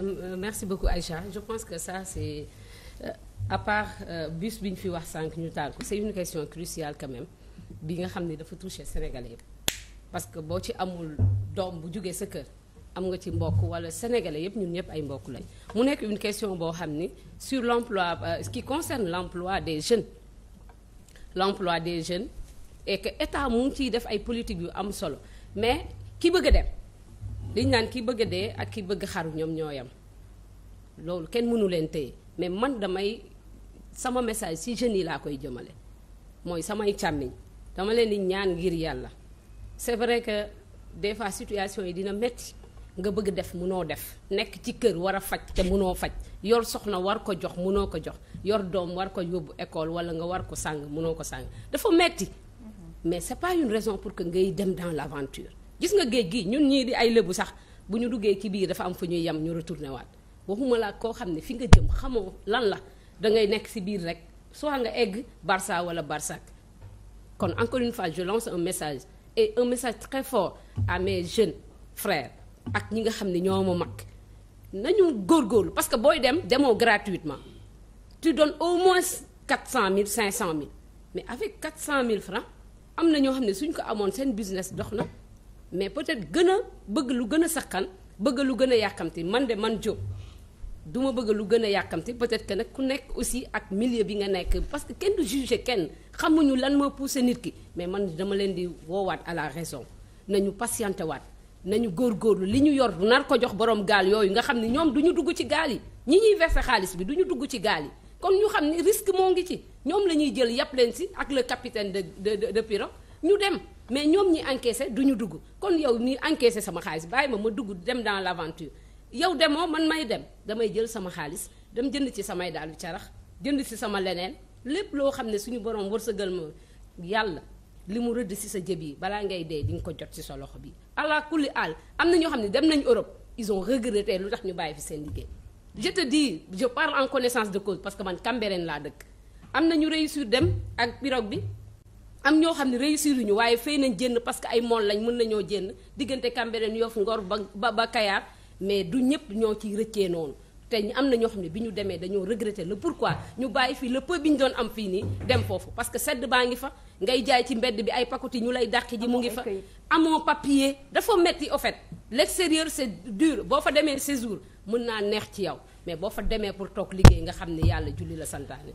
Euh, merci beaucoup Aïcha je pense que ça c'est euh, à part euh, bus bi ñu fi wax sànq ñu taal ko c'est une question cruciale quand bi nga xam ne dafa toucher Sénégalais yëpp parce que boo ci amul doom bu jugee sa kër am nga ci mbokk wala sénégalais yëpp ñun ñëpp ay mbokk lañ mu nekk une question boo xam ni sur l'emploi ce qui concerne l'emploi des jeunes l'emploi des jeunes et que état mu ngi ciy def ay politique yu am solo mais ki bëgg a dem liñ naan ki bëgg a dee ak ki bëgg xaru ñoom ñooyam loolu kenn mënu leen téye mais man damay sama message si jeunes yi laa koy jëmale mooy samay càmmiñ dama leen di ñaan ngir yàlla c'est vrai que des fois situation yi dina métti nga bëgg def munoo def nekk ci kër war a faj te munoo faj yor soxna war ko jox munoo ko jox yor doom war ko yóbbu école wala nga war ko sàng munoo ko sàng dafa metti mhm. mais c'est pas une raison pour que ngay dem dans l'aventure gis nga géej gi ñun ñii di ay lébu sax bu ñu duggee ci biir dafa am fu ñuy yem ñu retourné waat waxuma la koo xam ne fi nga jëm xamoo lan la da ngay nekk si biir rek soit nga egg barsa wala Barça kon encore une fois je lance un message et un message très fort à mes jeunes ak ñi nga xam ne ñoo ma mag nañu góorgóorlu parce que booy dem demoo gratuitement tu donnes au moins quatre cent mille cinq cent mille mais avec quatre cent mille francs am na ñoo xam ne ko amoon seen business dox na. mais peut-être gën a bëgg lu gën a sakkan bëgg lu gën a yàkkamti man de man Diop du ma bëgg lu gën a yàkkamti peut-être que ku nekk aussi ak millier bi nga nekk parce que kenn du juger kenn xamuñu lan moo poussé nit ki mais man dama leen di woowaat à la raison nañu patienté waat nañu góorgóorlu li ñu yor du nar ko jox borom gaal yooyu nga xam ne ñoom du ñu dugg ci gaal yi ñi ñuy verser xaalis bi du ñu dugg ci gaal yi kon ñu xam ne risque moo ngi ci ñoom la ñuy jël yàpp leen si ak le capitaine de de de pirogue ñu dem mais ñoom ñi encaissé du ñu dugg kon yow ñi encaissé sama xaalis bàyyi ma ma dugg dem dans l' aventure yow demoo man may dem damay jël sama xaalis dem jënd ci samay daal di carax jënd ci sama leneen lépp loo xam ne suñu borom wërsëgal ma yàlla li mu rëdd ci sa jëb yi balaa ngay dee di nga ko jot ci sa loxo bi ala kulli àll am na ñoo xam ne dem nañ Europe ison ont regretté lu tax ñu bàyyi fi seen liggéey je di dis parle en connaissance de cause parce que man Cambérène laa dëkk am na ñu réussir dem ak pirogue bi am ñoo xam ne réussir ñu waaye fay nañ jënd parce que ay mool lañ mën nañoo jënd diggante Cambérène Yoff Ngor ba ba Kayar mais du ñëpp ñoo ci rëccee noonu te am na ñoo xam ne bi ñu demee dañoo regretter la pourquoi ñu bàyyi fii le peu bi ñu doon am fii nii dem foofu parce que sedd baa ngi fa ngay jaay ci mbedd bi ay pakoti ñu lay dàq ji mu ngi fa amoo papier dafa metti au fait l'extérieur c'est dur boo fa demee séjour mën naa neex ci yow mais boo fa demee pour toog liggéey nga xam ne yàlla julli la santaane